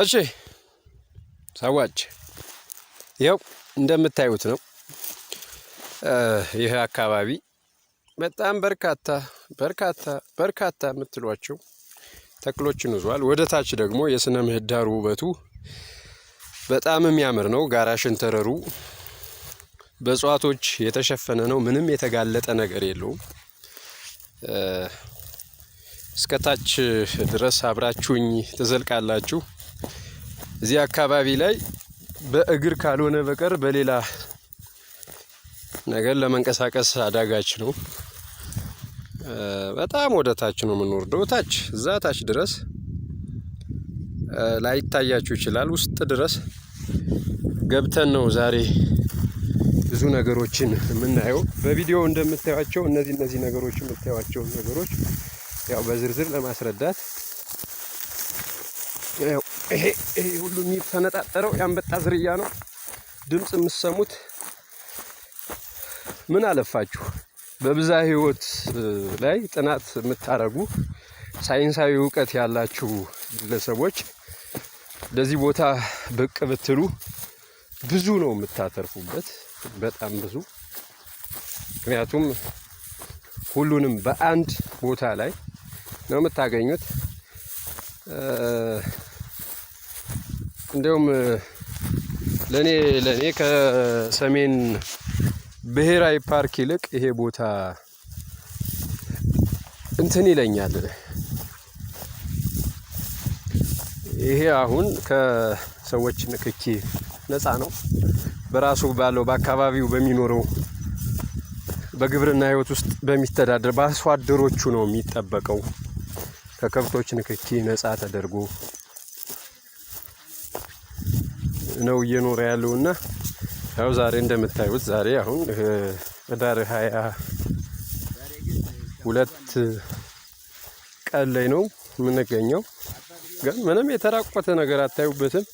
እሺ ሰዎች ይኸው እንደምታዩት ነው። ይህ አካባቢ በጣም በርካታ በርካታ በርካታ የምትሏቸው ተክሎችን ይዟል። ወደ ታች ደግሞ የስነ ምህዳሩ ውበቱ በጣም የሚያምር ነው። ጋራ ሽንተረሩ በእጽዋቶች የተሸፈነ ነው። ምንም የተጋለጠ ነገር የለውም። እስከ ታች ድረስ አብራችሁኝ ትዘልቃላችሁ። እዚህ አካባቢ ላይ በእግር ካልሆነ በቀር በሌላ ነገር ለመንቀሳቀስ አዳጋች ነው። በጣም ወደ ታች ነው የምንወርደው። ታች እዛ ታች ድረስ ላይታያችሁ ይችላል። ውስጥ ድረስ ገብተን ነው ዛሬ ብዙ ነገሮችን የምናየው። በቪዲዮ እንደምታያቸው እነዚህ እነዚህ ነገሮች የምታያቸውን ነገሮች ያው በዝርዝር ለማስረዳት ይሄ ይሄ ሁሉ የሚፈነጣጠረው የአንበጣ ዝርያ ነው። ድምፅ የምትሰሙት ምን አለፋችሁ በብዛ ህይወት ላይ ጥናት የምታደርጉ ሳይንሳዊ እውቀት ያላችሁ ግለሰቦች ለዚህ ቦታ ብቅ ብትሉ ብዙ ነው የምታተርፉበት፣ በጣም ብዙ። ምክንያቱም ሁሉንም በአንድ ቦታ ላይ ነው የምታገኙት። እንዲሁም ለኔ ለኔ ከሰሜን ብሔራዊ ፓርክ ይልቅ ይሄ ቦታ እንትን ይለኛል። ይሄ አሁን ከሰዎች ንክኪ ነፃ ነው። በራሱ ባለው በአካባቢው በሚኖረው በግብርና ሕይወት ውስጥ በሚተዳደር በአርሶ አደሮቹ ነው የሚጠበቀው። ከከብቶች ንክኪ ነፃ ተደርጎ ነው እየኖረ ያለው እና ያው ዛሬ እንደምታዩት ዛሬ አሁን ህዳር ሀያ ሁለት ቀን ላይ ነው የምንገኘው። ግን ምንም የተራቆተ ነገር አታዩበትም።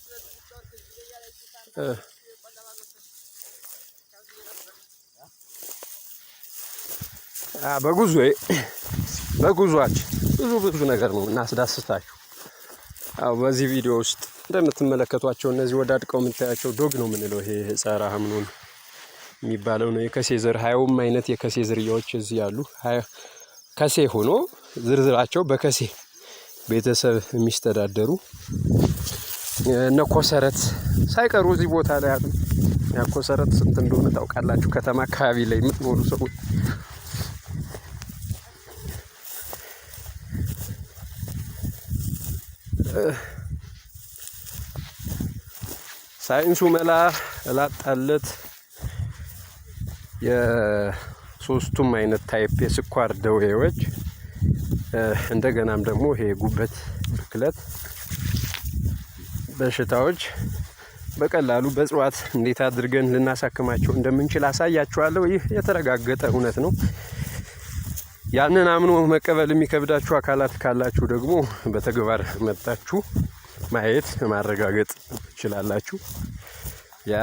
በጉዞ በጉዟችን ብዙ ብዙ ነገር ነው እናስዳስታችሁ በዚህ ቪዲዮ ውስጥ እንደምትመለከቷቸው እነዚህ ወዳድቀው የምታያቸው ዶግ ነው የምንለው ይሄ ጸረ ሀምኖን የሚባለው ነው። የከሴ ዘር ሀያውም አይነት የከሴ ዝርያዎች እዚህ ያሉ ከሴ ሆኖ ዝርዝራቸው በከሴ ቤተሰብ የሚስተዳደሩ እነ ኮሰረት ሳይቀሩ እዚህ ቦታ ላይ አሉ። ያ ኮሰረት ስንት እንደሆነ ታውቃላችሁ? ከተማ አካባቢ ላይ የምትኖሩ ሰዎች Uh... ሳይንሱ መላ እላጣለት የሶስቱም አይነት ታይፕ የስኳር ደዌዎች እንደገናም ደግሞ ይሄ ጉበት ብክለት በሽታዎች በቀላሉ በእጽዋት እንዴት አድርገን ልናሳክማቸው እንደምንችል አሳያችኋለሁ። ይህ የተረጋገጠ እውነት ነው። ያንን አምኖ መቀበል የሚከብዳችሁ አካላት ካላችሁ ደግሞ በተግባር መጣችሁ ማየት ማረጋገጥ ትችላላችሁ። ያ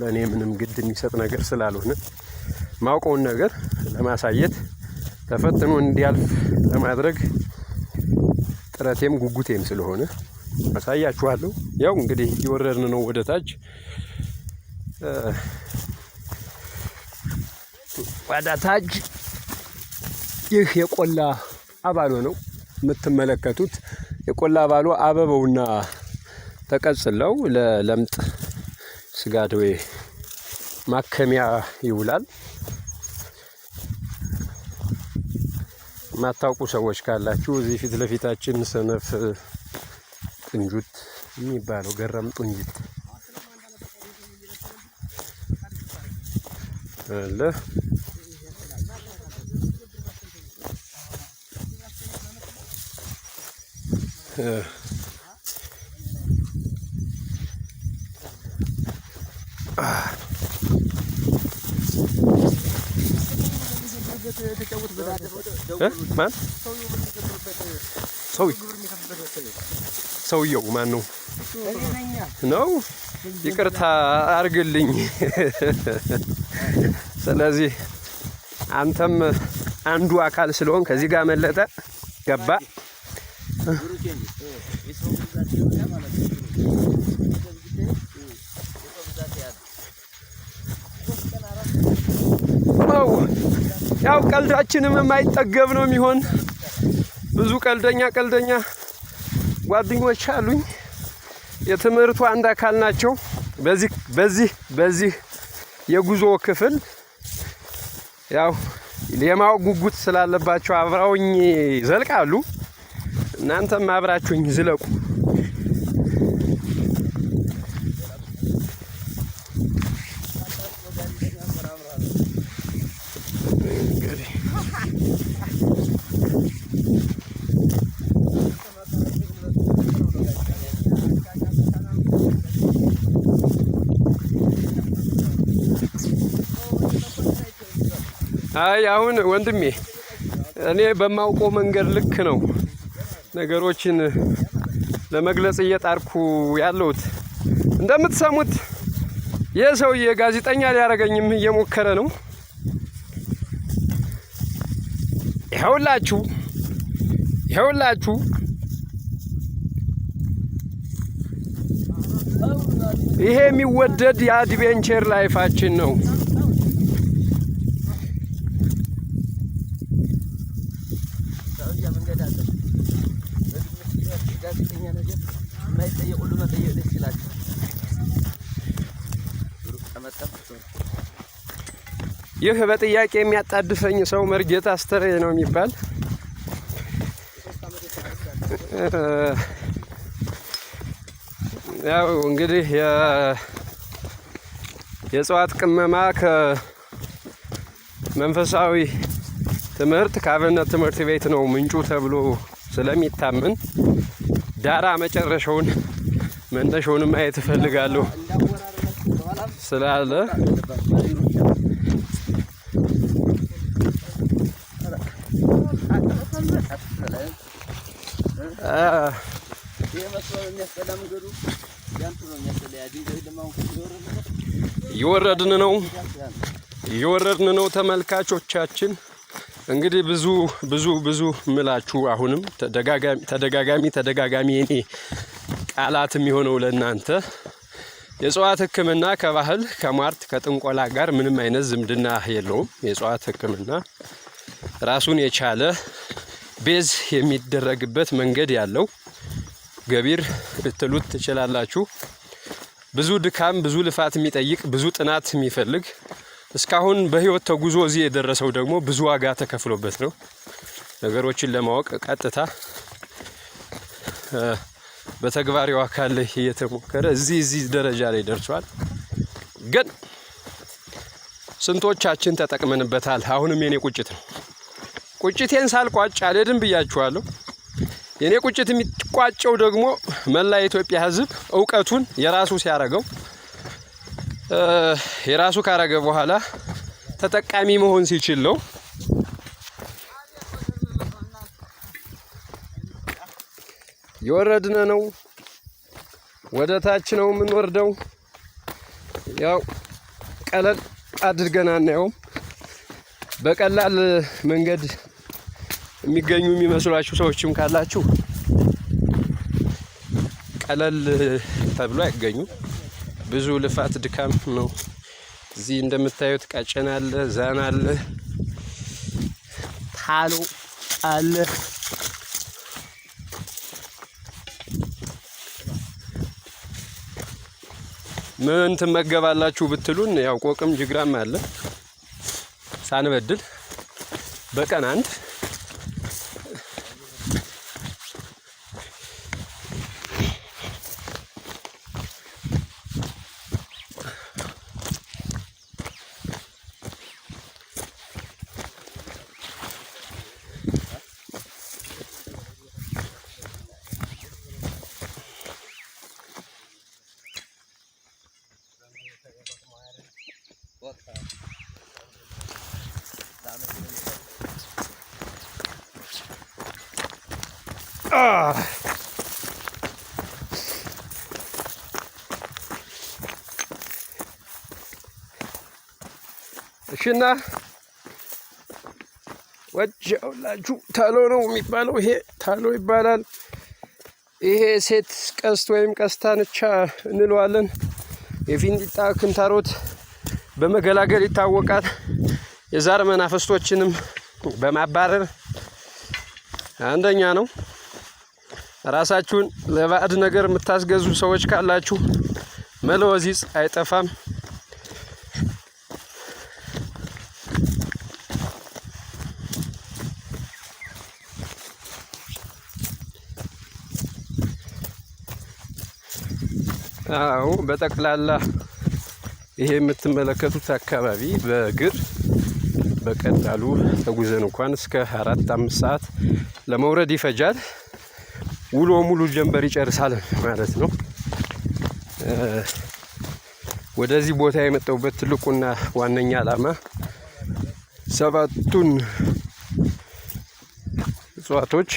ለእኔ ምንም ግድ የሚሰጥ ነገር ስላልሆነ ማውቀውን ነገር ለማሳየት ተፈትኖ እንዲያልፍ ለማድረግ ጥረቴም ጉጉቴም ስለሆነ አሳያችኋለሁ። ያው እንግዲህ የወረድን ነው ወደ ታች ወደ ታች። ይህ የቆላ አባሎ ነው የምትመለከቱት። የቆላ ባሉ አበበውና ተቀጽለው ለለምጥ ስጋ ደዌ ማከሚያ ይውላል። ማታውቁ ሰዎች ካላችሁ እዚህ ፊት ለፊታችን ሰነፍ ጥንጁት የሚባለው ገረም ጡንጅት አለ። ሰውየው ማን ነው ነው? ይቅርታ አርግልኝ። ስለዚህ አንተም አንዱ አካል ስለሆን ከዚህ ጋር መለጠ ገባ ያው ቀልዳችንም የማይጠገብ ነው የሚሆን። ብዙ ቀልደኛ ቀልደኛ ጓደኞች አሉኝ። የትምህርቱ አንድ አካል ናቸው። በዚህ በዚህ በዚህ የጉዞ ክፍል ያው የማወቅ ጉጉት ስላለባቸው አብረውኝ ይዘልቃሉ። እናንተም አብራችሁኝ ዝለቁ። አይ አሁን ወንድሜ እኔ በማውቀው መንገድ ልክ ነው ነገሮችን ለመግለጽ እየጣርኩ ያለሁት። እንደምትሰሙት ይህ ሰውዬ ጋዜጠኛ ሊያደርገኝም እየሞከረ ነው። ይኸውላችሁ ይኸውላችሁ ይሄ የሚወደድ የአድቬንቸር ላይፋችን ነው። ነገር የማይጠየቅ ሁሉ መጠየቅ ደስ ይህ በጥያቄ የሚያጣድፈኝ ሰው መርጌታ አስተሬ ነው የሚባል ያው እንግዲህ የእጽዋት ቅመማ ከመንፈሳዊ ትምህርት ከአብነት ትምህርት ቤት ነው ምንጩ ተብሎ ስለሚታመን ዳራ መጨረሻውን መነሻውን ማየት እፈልጋለሁ ስላለ እየወረድን ነው እየወረድን ነው ተመልካቾቻችን። እንግዲህ ብዙ ብዙ ብዙ ምላችሁ አሁንም ተደጋጋሚ ተደጋጋሚ የኔ ቃላት የሚሆነው ለእናንተ የእጽዋት ሕክምና ከባህል ከሟርት ከጥንቆላ ጋር ምንም አይነት ዝምድና የለውም። የእጽዋት ሕክምና ራሱን የቻለ ቤዝ የሚደረግበት መንገድ ያለው ገቢር ልትሉት ትችላላችሁ። ብዙ ድካም፣ ብዙ ልፋት የሚጠይቅ ብዙ ጥናት የሚፈልግ እስካሁን በህይወት ተጉዞ እዚህ የደረሰው ደግሞ ብዙ ዋጋ ተከፍሎበት ነው። ነገሮችን ለማወቅ ቀጥታ በተግባሪው አካል ላይ እየተሞከረ እዚህ እዚህ ደረጃ ላይ ደርሷል። ግን ስንቶቻችን ተጠቅመንበታል? አሁንም የኔ ቁጭት ነው። ቁጭቴን ሳልቋጭ አልሄድም ብያችኋለሁ። የኔ ቁጭት የሚቋጨው ደግሞ መላ የኢትዮጵያ ህዝብ እውቀቱን የራሱ ሲያደርገው የራሱ ካረገ በኋላ ተጠቃሚ መሆን ሲችል ነው። የወረድነ ነው፣ ወደ ታች ነው የምንወርደው። ያው ቀለል አድርገን አናየውም። በቀላል መንገድ የሚገኙ የሚመስሏችሁ ሰዎችም ካላችሁ ቀለል ተብሎ አይገኙ። ብዙ ልፋት ድካም ነው። እዚህ እንደምታዩት ቀጭን አለ፣ ዛን አለ፣ ታሎ አለ። ምን ትመገባላችሁ ብትሉን ያው ቆቅም ጅግራም አለ ሳንበድል በቀን አንድ እሽና ወጀውላችሁ ታሎ ነው የሚባለው። ይሄ ታሎ ይባላል። ይሄ ሴት ቀስት ወይም ቀስታንቻ እንለዋለን። የፊንጢጣ ክንታሮት በመገላገል ይታወቃል። የዛር መናፈስቶችንም በማባረር አንደኛ ነው። ራሳችሁን ለባዕድ ነገር የምታስገዙ ሰዎች ካላችሁ መለወዚጽ አይጠፋም። አዎ በጠቅላላ ይሄ የምትመለከቱት አካባቢ በእግር በቀላሉ ተጉዘን እንኳን እስከ አራት አምስት ሰዓት ለመውረድ ይፈጃል። ውሎ ሙሉ ጀንበር ይጨርሳል ማለት ነው። ወደዚህ ቦታ የመጣሁበት ትልቁና ዋነኛ ዓላማ ሰባቱን እጽዋቶች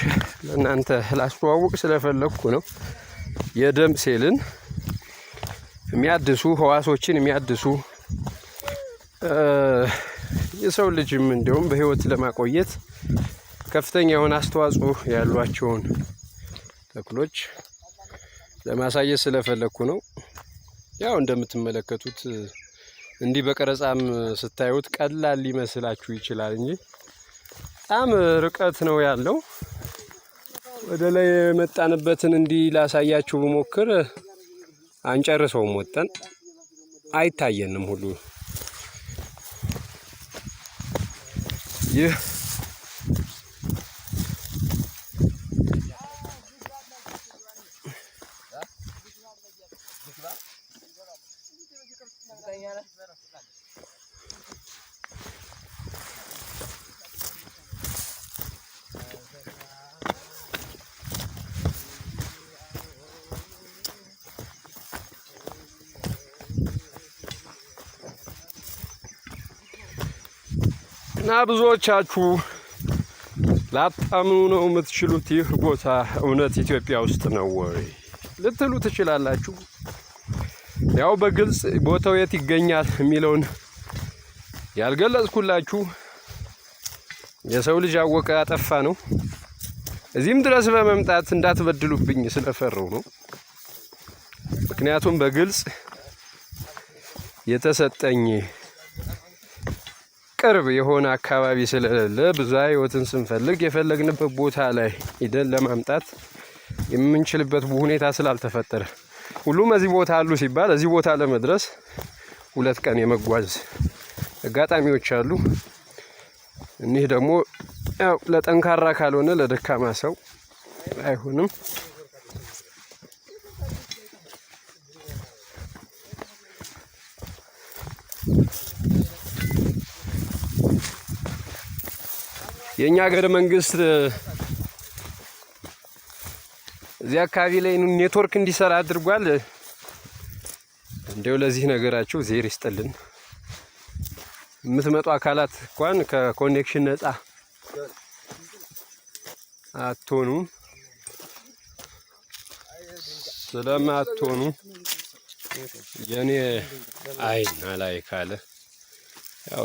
ለእናንተ ላስተዋውቅ ስለፈለግኩ ነው። የደም ሴልን የሚያድሱ ህዋሶችን የሚያድሱ የሰው ልጅም እንዲሁም በህይወት ለማቆየት ከፍተኛ የሆነ አስተዋጽኦ ያሏቸውን ተክሎች ለማሳየት ስለፈለግኩ ነው። ያው እንደምትመለከቱት እንዲህ በቀረጻም ስታዩት ቀላል ሊመስላችሁ ይችላል እንጂ በጣም ርቀት ነው ያለው። ወደ ላይ የመጣንበትን እንዲህ ላሳያችሁ ብሞክር አንጨርሰውም ወጠን አይታየንም ሁሉ ይህ እና ብዙዎቻችሁ ላጣምኑ ነው የምትችሉት። ይህ ቦታ እውነት ኢትዮጵያ ውስጥ ነው ወይ ልትሉ ትችላላችሁ። ያው በግልጽ ቦታው የት ይገኛል የሚለውን ያልገለጽኩላችሁ የሰው ልጅ አወቀ አጠፋ ነው። እዚህም ድረስ በመምጣት እንዳትበድሉብኝ ስለፈረው ነው። ምክንያቱም በግልጽ የተሰጠኝ ቅርብ የሆነ አካባቢ ስለሌለ ብዛ ህይወትን ስንፈልግ የፈለግንበት ቦታ ላይ ሂደን ለማምጣት የምንችልበት ሁኔታ ስላልተፈጠረ ሁሉም እዚህ ቦታ አሉ ሲባል እዚህ ቦታ ለመድረስ ሁለት ቀን የመጓዝ አጋጣሚዎች አሉ። እኒህ ደግሞ ያው ለጠንካራ ካልሆነ ለደካማ ሰው አይሆንም። የእኛ ሀገር መንግስት እዚህ አካባቢ ላይ ኔትወርክ እንዲሰራ አድርጓል። እንዲው ለዚህ ነገራቸው ዜር ይስጥልን። የምትመጡ አካላት እንኳን ከኮኔክሽን ነጻ አትሆኑም። ስለማትሆኑ የኔ አይን አላይ ካለ